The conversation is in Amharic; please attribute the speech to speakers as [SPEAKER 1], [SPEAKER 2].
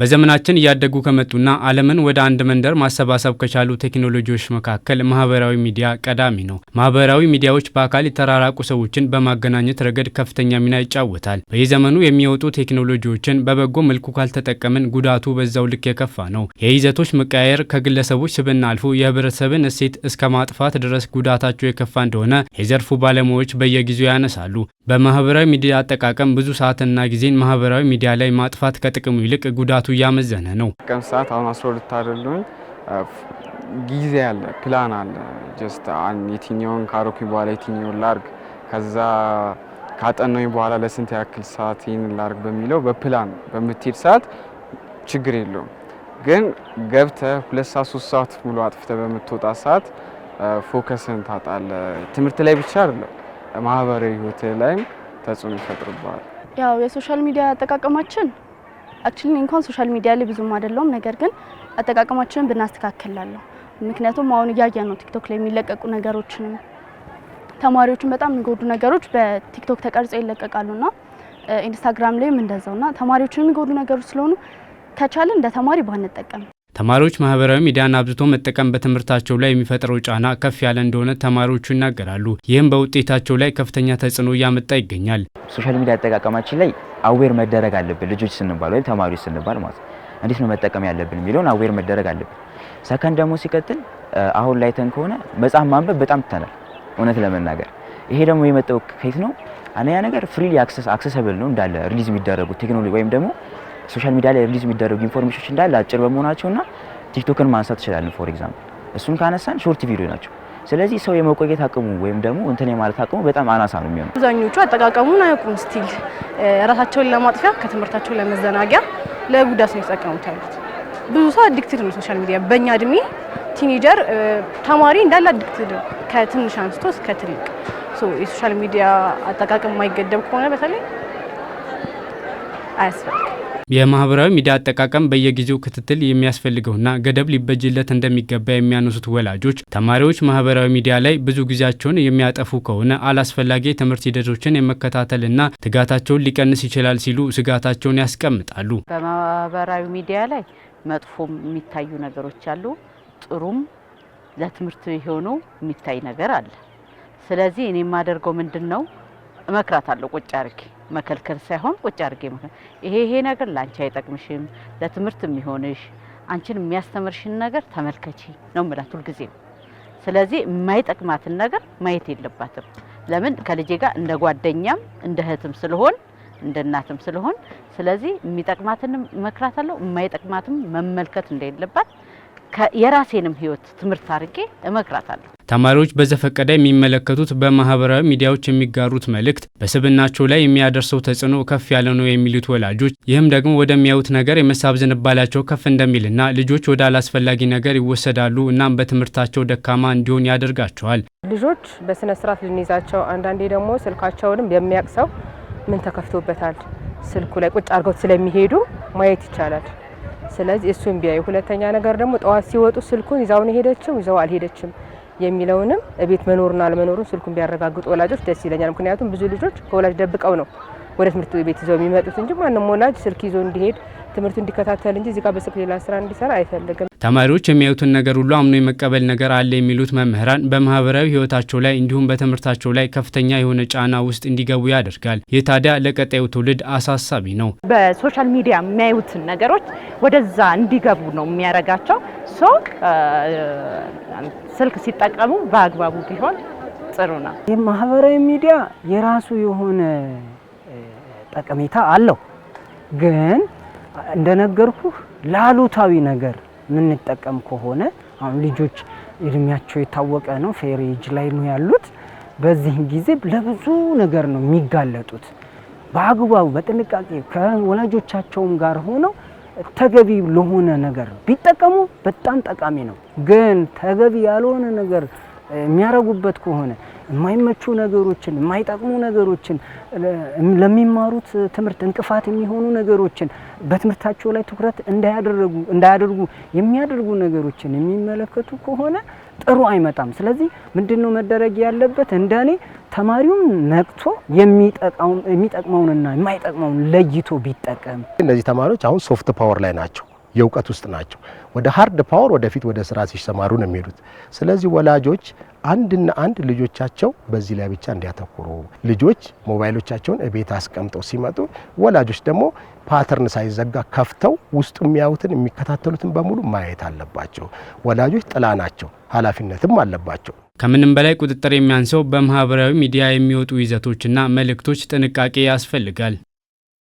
[SPEAKER 1] በዘመናችን እያደጉ ከመጡና ዓለምን ወደ አንድ መንደር ማሰባሰብ ከቻሉ ቴክኖሎጂዎች መካከል ማህበራዊ ሚዲያ ቀዳሚ ነው። ማህበራዊ ሚዲያዎች በአካል የተራራቁ ሰዎችን በማገናኘት ረገድ ከፍተኛ ሚና ይጫወታል። በየዘመኑ የሚወጡ ቴክኖሎጂዎችን በበጎ መልኩ ካልተጠቀምን ጉዳቱ በዛው ልክ የከፋ ነው። የይዘቶች መቀያየር ከግለሰቦች ስብና አልፎ የህብረተሰብን እሴት እስከ ማጥፋት ድረስ ጉዳታቸው የከፋ እንደሆነ የዘርፉ ባለሙያዎች በየጊዜው ያነሳሉ። በማህበራዊ ሚዲያ አጠቃቀም ብዙ ሰዓትና ጊዜን ማህበራዊ ሚዲያ ላይ ማጥፋት ከጥቅሙ ይልቅ ጉዳቱ እያመዘነ ነው።
[SPEAKER 2] ቀን ሰዓት አሁን 12 አይደለሁኝ ጊዜ አለ፣ ፕላን አለ። ጀስት የትኛውን ካሮኪ በኋላ የትኛውን ላርግ ከዛ ካጠናኝ በኋላ ለስንት ያክል ሰዓት ይህን ላርግ በሚለው በፕላን በምትሄድ ሰዓት ችግር የለውም። ግን ገብተ ሁለት ሰዓት ሶስት ሰዓት ሙሉ አጥፍተ በምትወጣ ሰዓት ፎከስን ታጣለ። ትምህርት ላይ ብቻ አይደለም ማህበራዊ ህይወት ላይም ተጽዕኖ ይፈጥርበዋል።
[SPEAKER 3] ያው የሶሻል ሚዲያ አጠቃቀማችን አክቹሊ እንኳን ሶሻል ሚዲያ ላይ ብዙም አይደለውም፣ ነገር ግን አጠቃቀማችንን ብናስተካክላለሁ። ምክንያቱም አሁን እያየ ነው ቲክቶክ ላይ የሚለቀቁ ነገሮችንም ተማሪዎችን በጣም የሚጎዱ ነገሮች በቲክቶክ ተቀርጸው ይለቀቃሉና ኢንስታግራም ላይም እንደዛውና ተማሪዎችን የሚጎዱ ነገሮች ስለሆኑ ከቻለ እንደ ተማሪ ባንጠቀም።
[SPEAKER 1] ተማሪዎች ማህበራዊ ሚዲያን አብዝቶ መጠቀም በትምህርታቸው ላይ የሚፈጥረው ጫና ከፍ ያለ እንደሆነ ተማሪዎቹ ይናገራሉ። ይህም በውጤታቸው ላይ ከፍተኛ ተጽዕኖ እያመጣ ይገኛል።
[SPEAKER 4] ሶሻል ሚዲያ አጠቃቀማችን ላይ አዌር መደረግ አለብን ልጆች ስንባል ወይም ተማሪዎች ስንባል ማለት እንዴት ነው መጠቀም ያለብን የሚለውን አዌር መደረግ አለብን። ሰከንድ ደግሞ ሲቀጥል አሁን ላይ ተን ከሆነ መጽሐፍ ማንበብ በጣም ትተናል እውነት ለመናገር ይሄ ደግሞ የመጣው ከየት ነው? አንደኛ ነገር ፍሪሊ አክሰስ አክሰሰብል ነው እንዳለ ሪሊዝ የሚደረጉ ቴክኖሎጂ ወይም ደግሞ ሶሻል ሚዲያ ላይ ሪሊዝ የሚደረጉ ኢንፎርሜሽኖች እንዳለ አጭር በመሆናቸውና ቲክቶክን ማንሳት ይችላል። ፎር ኤግዛምፕል እሱን ካነሳን ሾርት ቪዲዮ ናቸው ስለዚህ ሰው የመቆየት አቅሙ ወይም ደግሞ እንትን የማለት አቅሙ በጣም አናሳ ነው የሚሆነው።
[SPEAKER 3] አብዛኞቹ አጠቃቀሙን አያውቁም። ስቲል ራሳቸውን ለማጥፊያ ከትምህርታቸው ለመዘናጊያ ለጉዳት ነው የተጠቀሙት ያሉት። ብዙ ሰው አዲክትድ ነው ሶሻል ሚዲያ። በእኛ እድሜ ቲኔጀር ተማሪ እንዳለ አዲክትድ ነው ከትንሽ አንስቶ እስከ ትልቅ። የሶሻል ሚዲያ አጠቃቀም የማይገደብ ከሆነ በተለይ አያስፈልግም።
[SPEAKER 1] የማህበራዊ ሚዲያ አጠቃቀም በየጊዜው ክትትል የሚያስፈልገውና ገደብ ሊበጅለት እንደሚገባ የሚያነሱት ወላጆች ተማሪዎች ማህበራዊ ሚዲያ ላይ ብዙ ጊዜያቸውን የሚያጠፉ ከሆነ አላስፈላጊ የትምህርት ሂደቶችን የመከታተልና ትጋታቸውን ሊቀንስ ይችላል ሲሉ ስጋታቸውን ያስቀምጣሉ።
[SPEAKER 5] በማህበራዊ ሚዲያ ላይ መጥፎም የሚታዩ ነገሮች አሉ፣ ጥሩም ለትምህርት የሆኑ የሚታይ ነገር አለ። ስለዚህ እኔ የማደርገው ምንድን ነው? አለው ቁጭ አርጌ መከልከል ሳይሆን ቁጭ አድርጌ ይሄ ይሄ ነገር ለአንቺ አይጠቅምሽም፣ ለትምህርት የሚሆንሽ አንቺን የሚያስተምርሽን ነገር ተመልከቺ ነው የምላት ሁልጊዜም። ስለዚህ የማይጠቅማትን ነገር ማየት የለባትም። ለምን ከልጄ ጋር እንደ ጓደኛም እንደ እህትም ስለሆን እንደ እናትም ስለሆን፣ ስለዚህ መክራት አለው የማይጠቅማትም መመልከት እንደሌለባት የራሴንም ህይወት ትምህርት አድርጌ አለሁ።
[SPEAKER 1] ተማሪዎች በዘፈቀደ የሚመለከቱት በማህበራዊ ሚዲያዎች የሚጋሩት መልእክት በስብናቸው ላይ የሚያደርሰው ተጽዕኖ ከፍ ያለ ነው የሚሉት ወላጆች፣ ይህም ደግሞ ወደሚያዩት ነገር የመሳብ ዝንባላቸው ከፍ እንደሚልና ልጆች ወደ አላስፈላጊ ነገር ይወሰዳሉ፣ እናም በትምህርታቸው ደካማ እንዲሆን ያደርጋቸዋል።
[SPEAKER 6] ልጆች በስነ ስርዓት ልንይዛቸው፣ አንዳንዴ ደግሞ ስልካቸውንም የሚያቅሰው ሰው ምን ተከፍቶበታል ስልኩ ላይ ቁጭ አድርገው ስለሚሄዱ ማየት ይቻላል። ስለዚህ እሱን ቢያዩ። ሁለተኛ ነገር ደግሞ ጠዋት ሲወጡ ስልኩን ይዛውን ሄደችም ይዘው አልሄደችም የሚለውንም ቤት መኖርና አለመኖሩን ስልኩን ቢያረጋግጡ ወላጆች ደስ ይለኛል። ምክንያቱም ብዙ ልጆች ከወላጅ ደብቀው ነው ወደ ትምህርት ቤት ይዘው የሚመጡት እንጂ ማንም ወላጅ ስልክ ይዞ እንዲሄድ ትምህርቱ እንዲከታተል እንጂ እዚህ ጋር በስልክ ሌላ ስራ እንዲሰራ አይፈልግም።
[SPEAKER 1] ተማሪዎች የሚያዩትን ነገር ሁሉ አምኖ የመቀበል ነገር አለ የሚሉት መምህራን በማህበራዊ ህይወታቸው ላይ እንዲሁም በትምህርታቸው ላይ ከፍተኛ የሆነ ጫና ውስጥ እንዲገቡ ያደርጋል። ይህ ታዲያ ለቀጣዩ ትውልድ አሳሳቢ ነው።
[SPEAKER 7] በሶሻል ሚዲያ የሚያዩትን ነገሮች ወደዛ እንዲገቡ ነው የሚያደርጋቸው። ሶ ስልክ ሲጠቀሙ በአግባቡ ቢሆን ጥሩ ነው።
[SPEAKER 8] ይህ ማህበራዊ ሚዲያ የራሱ የሆነ ጠቀሜታ አለው። ግን እንደነገርኩህ ላሉታዊ ነገር የምንጠቀም ከሆነ አሁን ልጆች እድሜያቸው የታወቀ ነው፣ ፌሬጅ ላይ ነው ያሉት። በዚህም ጊዜ ለብዙ ነገር ነው የሚጋለጡት። በአግባቡ በጥንቃቄ ከወላጆቻቸውም ጋር ሆነው ተገቢ ለሆነ ነገር ቢጠቀሙ በጣም ጠቃሚ ነው። ግን ተገቢ ያልሆነ ነገር የሚያረጉበት ከሆነ የማይመቹ ነገሮችን የማይጠቅሙ ነገሮችን ለሚማሩት ትምህርት እንቅፋት የሚሆኑ ነገሮችን በትምህርታቸው ላይ ትኩረት እንዳያደረጉ እንዳያደርጉ የሚያደርጉ ነገሮችን የሚመለከቱ ከሆነ ጥሩ አይመጣም። ስለዚህ ምንድነው መደረግ ያለበት? እንደኔ ተማሪውም ነቅቶ የሚጠቅመውንና የማይጠቅመውን ለይቶ ቢጠቀም።
[SPEAKER 9] እነዚህ ተማሪዎች አሁን ሶፍት ፓወር ላይ ናቸው። የእውቀት ውስጥ ናቸው። ወደ ሀርድ ፓወር ወደፊት ወደ ስራ ሲሰማሩ ነው የሚሄዱት። ስለዚህ ወላጆች አንድና አንድ ልጆቻቸው በዚህ ላይ ብቻ እንዲያተኩሩ፣ ልጆች ሞባይሎቻቸውን እቤት አስቀምጠው ሲመጡ ወላጆች ደግሞ ፓተርን ሳይዘጋ ከፍተው ውስጡ የሚያዩትን የሚከታተሉትን በሙሉ ማየት አለባቸው። ወላጆች ጥላ ናቸው፣ ኃላፊነትም አለባቸው።
[SPEAKER 1] ከምንም በላይ ቁጥጥር የሚያንሰው በማህበራዊ ሚዲያ የሚወጡ ይዘቶችና መልእክቶች ጥንቃቄ ያስፈልጋል።